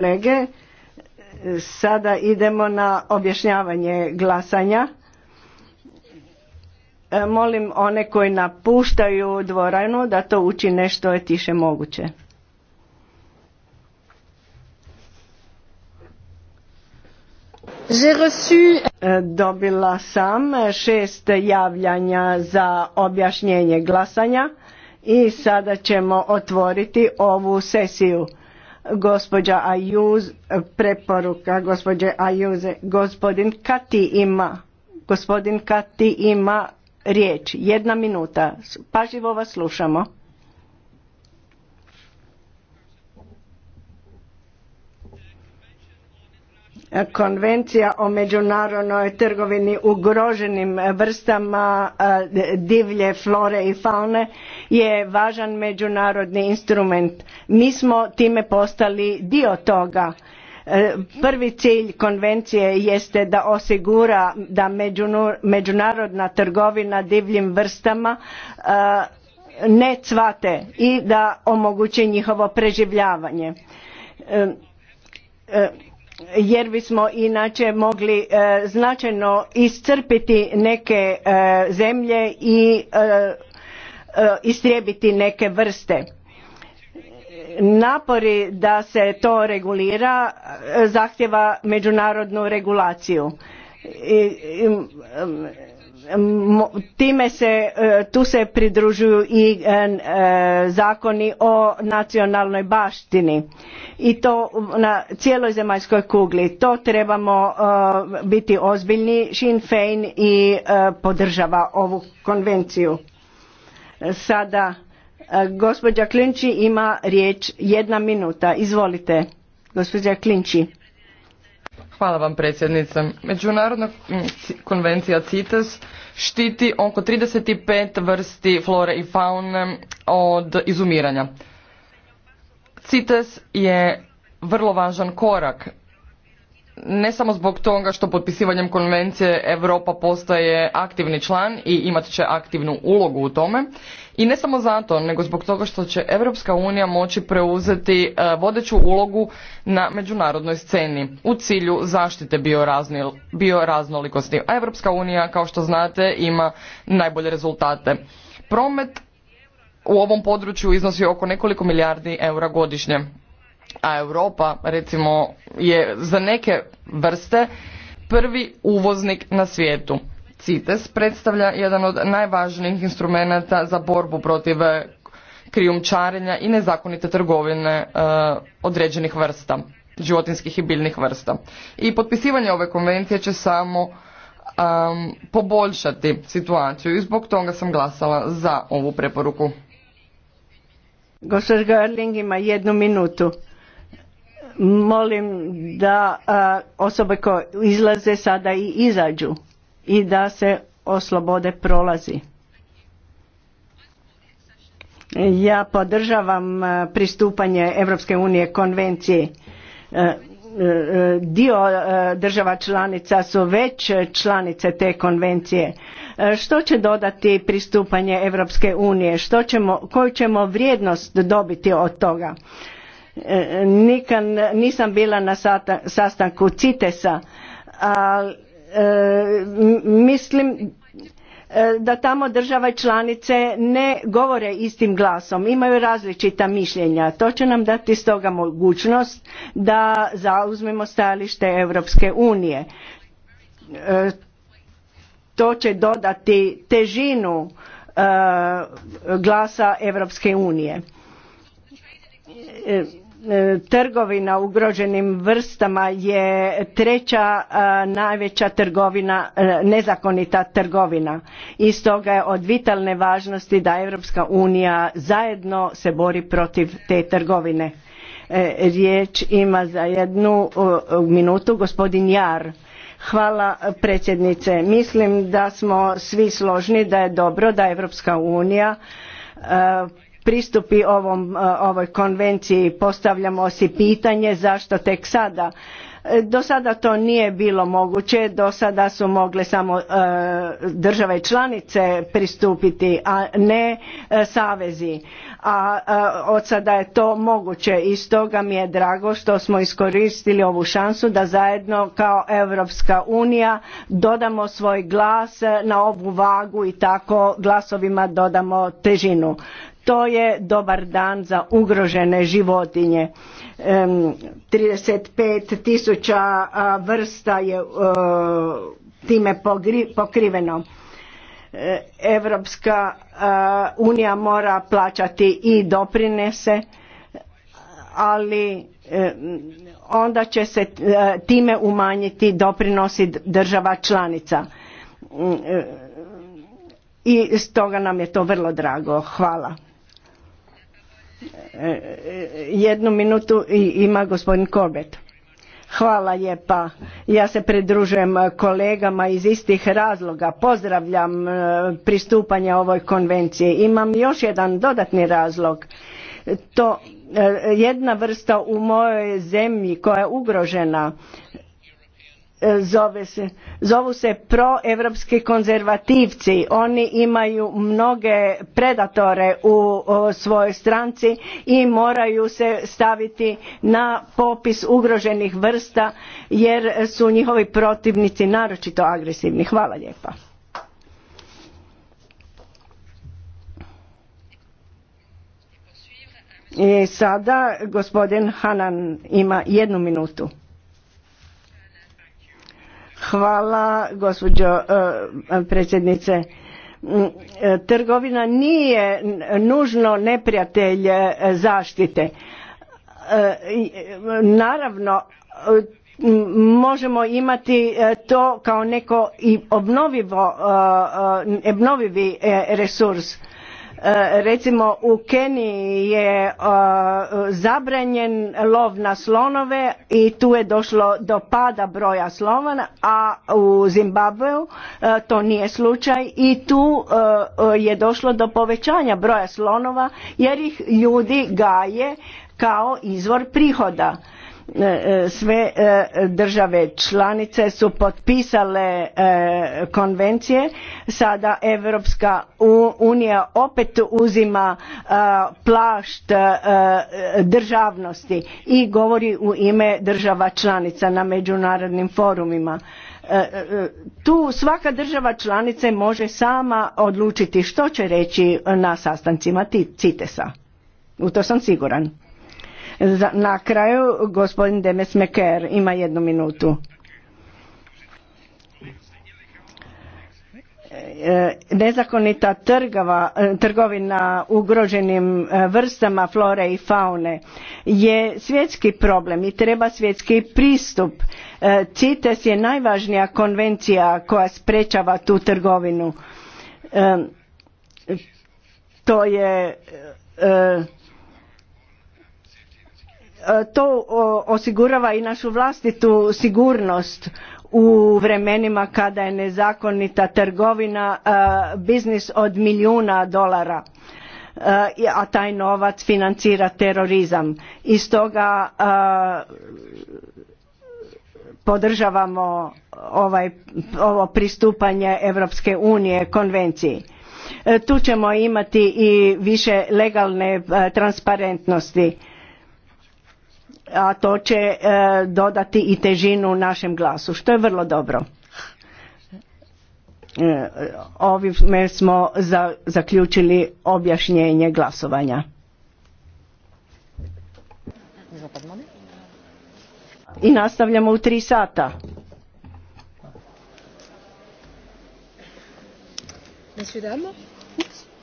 kolege, e, sada idemo na objašnjavanje glasanja. E, molim one koji napuštaju dvoranu da to uči nešto je tiše moguće. E, dobila sam šest javljanja za objašnjenje glasanja i sada ćemo otvoriti ovu sesiju gospođa Ajuz, preporuka gospođe Ajuze, gospodin Kati ima, gospodin Kati ima riječ, jedna minuta, pažljivo vas slušamo. Konvencija o međunarodnoj trgovini ugroženim vrstama divlje flore i faune je važan međunarodni instrument. Mi smo time postali dio toga. E, prvi cilj konvencije jeste da osigura da međunarodna trgovina divljim vrstama ne cvate i da omogući njihovo preživljavanje e, e, jer bismo inače mogli e, značajno iscrpiti neke e, zemlje i e, istrijebiti neke vrste napori da se to regulira zahtjeva međunarodnu regulaciju I, time se e, tu se pridružuju i e, e, zakoni o nacionalnoj baštini i to na cijeloj zemaljskoj kugli to trebamo biti ozbiljni Sinn Fein i podržava ovu konvenciju sada gospođa Klinči ima riječ jedna minuta izvolite gospođa Klinči Hvala vam predsjednice. Međunarodna mm, konvencija CITES štiti oko 35 vrsti flore i faune od izumiranja. CITES je vrlo važan korak ne samo zbog toga što potpisivanjem konvencije Europa postaje aktivni član i imat će aktivnu ulogu u tome i ne samo zato nego zbog toga što će Europska unija moći preuzeti e, vodeću ulogu na međunarodnoj sceni u cilju zaštite bioraznolikosti. A Europska unija kao što znate ima najbolje rezultate. Promet u ovom području iznosi oko nekoliko milijardi eura godišnje a Europa recimo je za neke vrste prvi uvoznik na svijetu. CITES predstavlja jedan od najvažnijih instrumenata za borbu protiv eh, krijumčarenja i nezakonite trgovine eh, određenih vrsta, životinskih i biljnih vrsta. I potpisivanje ove konvencije će samo ehm, poboljšati situaciju i zbog toga sam glasala za ovu preporuku. Garling ima jednu minutu molim da osobe koje izlaze sada i izađu i da se oslobode prolazi. Ja podržavam pristupanje Europske unije konvenciji. Dio država članica su već članice te konvencije. Što će dodati pristupanje Europske unije? Što ćemo, koju ćemo vrijednost dobiti od toga? Nikad nisam bila na sastanku CITES-a, ali e, mislim e, da tamo države članice ne govore istim glasom, imaju različita mišljenja. To će nam dati stoga mogućnost da zauzmemo stajalište Europske unije. E, to će dodati težinu glasa Europske unije E, trgovina ugroženim vrstama je treća e, najveća trgovina, e, nezakonita trgovina. I stoga je od vitalne važnosti da Europska unija zajedno se bori protiv te trgovine. Riječ ima za jednu minutu gospodin Jar. Hvala predsjednice. Mislim da smo svi složni da je dobro da Europska unija pristupi e, ovoj konvenciji postavljamo si pitanje zašto tek sada e, do sada to nije bilo moguće do sada su mogle samo e, države članice pristupiti a ne savezi a od sada je to moguće i stoga mi je drago što smo iskoristili ovu šansu da zajedno kao europska unija dodamo svoj glas na ovu vagu i tako glasovima dodamo težinu to je dobar dan za ugrožene životinje. 35 tisuća vrsta je time pokriveno. E, Evropska unija mora plaćati i doprinese, ali onda će se e, time umanjiti doprinosi država članica. Mm, e, I stoga nam je to vrlo drago. Hvala jednu minutu ima gospodin Korbet. Hvala lijepa. Ja se pridružujem kolegama iz istih razloga. Pozdravljam e, pristupanje ovoj konvenciji. Imam još jedan dodatni razlog. To e, jedna vrsta u mojoj zemlji koja je ugrožena E, zovu se proevropski konzervativci oni imaju mnoge predatore u svojoj stranci i moraju se staviti na popis ugroženih vrsta jer su njihovi protivnici naročito agresivni hvala lijepa I sada gospodin Hanan ima jednu minutu Hvala gospođo eh, predsjednice. Mm, eh, trgovina nije nužno neprijatelj eh, zaštite. Naravno, možemo imati to kao neko i obnovivo, obnovivi resurs E, recimo u Keniji je e, zabranjen lov na slonove i tu je došlo do pada broja slona, a u Zimbabveu e, to nije slučaj i tu je došlo do povećanja broja slonova jer ih ljudi gaje kao izvor prihoda E, e, sve e, države članice su potpisale konvencije sada Europska unija opet uzima plašt državnosti i govori u ime država članica na međunarodnim forumima tu svaka država članice može sama odlučiti što će reći na sastancima CITES-a. U to sam siguran. Na kraju gospodin Demes Meker ima jednu minutu. E, nezakonita e, trgovina ugroženim e, vrstama flore i faune je svjetski problem i treba svjetski pristup. CITES je najvažnija konvencija koja sprečava tu trgovinu. To je E, to osigurava i našu vlastitu sigurnost u vremenima kada je nezakonita trgovina e, biznis od milijuna dolara e, a taj novac financira terorizam i stoga podržavamo ovaj, ovo pristupanje Europske unije konvenciji tu ćemo imati i više legalne transparentnosti a to će e, dodati i težinu našem glasu, što je vrlo dobro. E, ovime smo zaključili objašnjenje glasovanja. I nastavljamo u tri sata. ne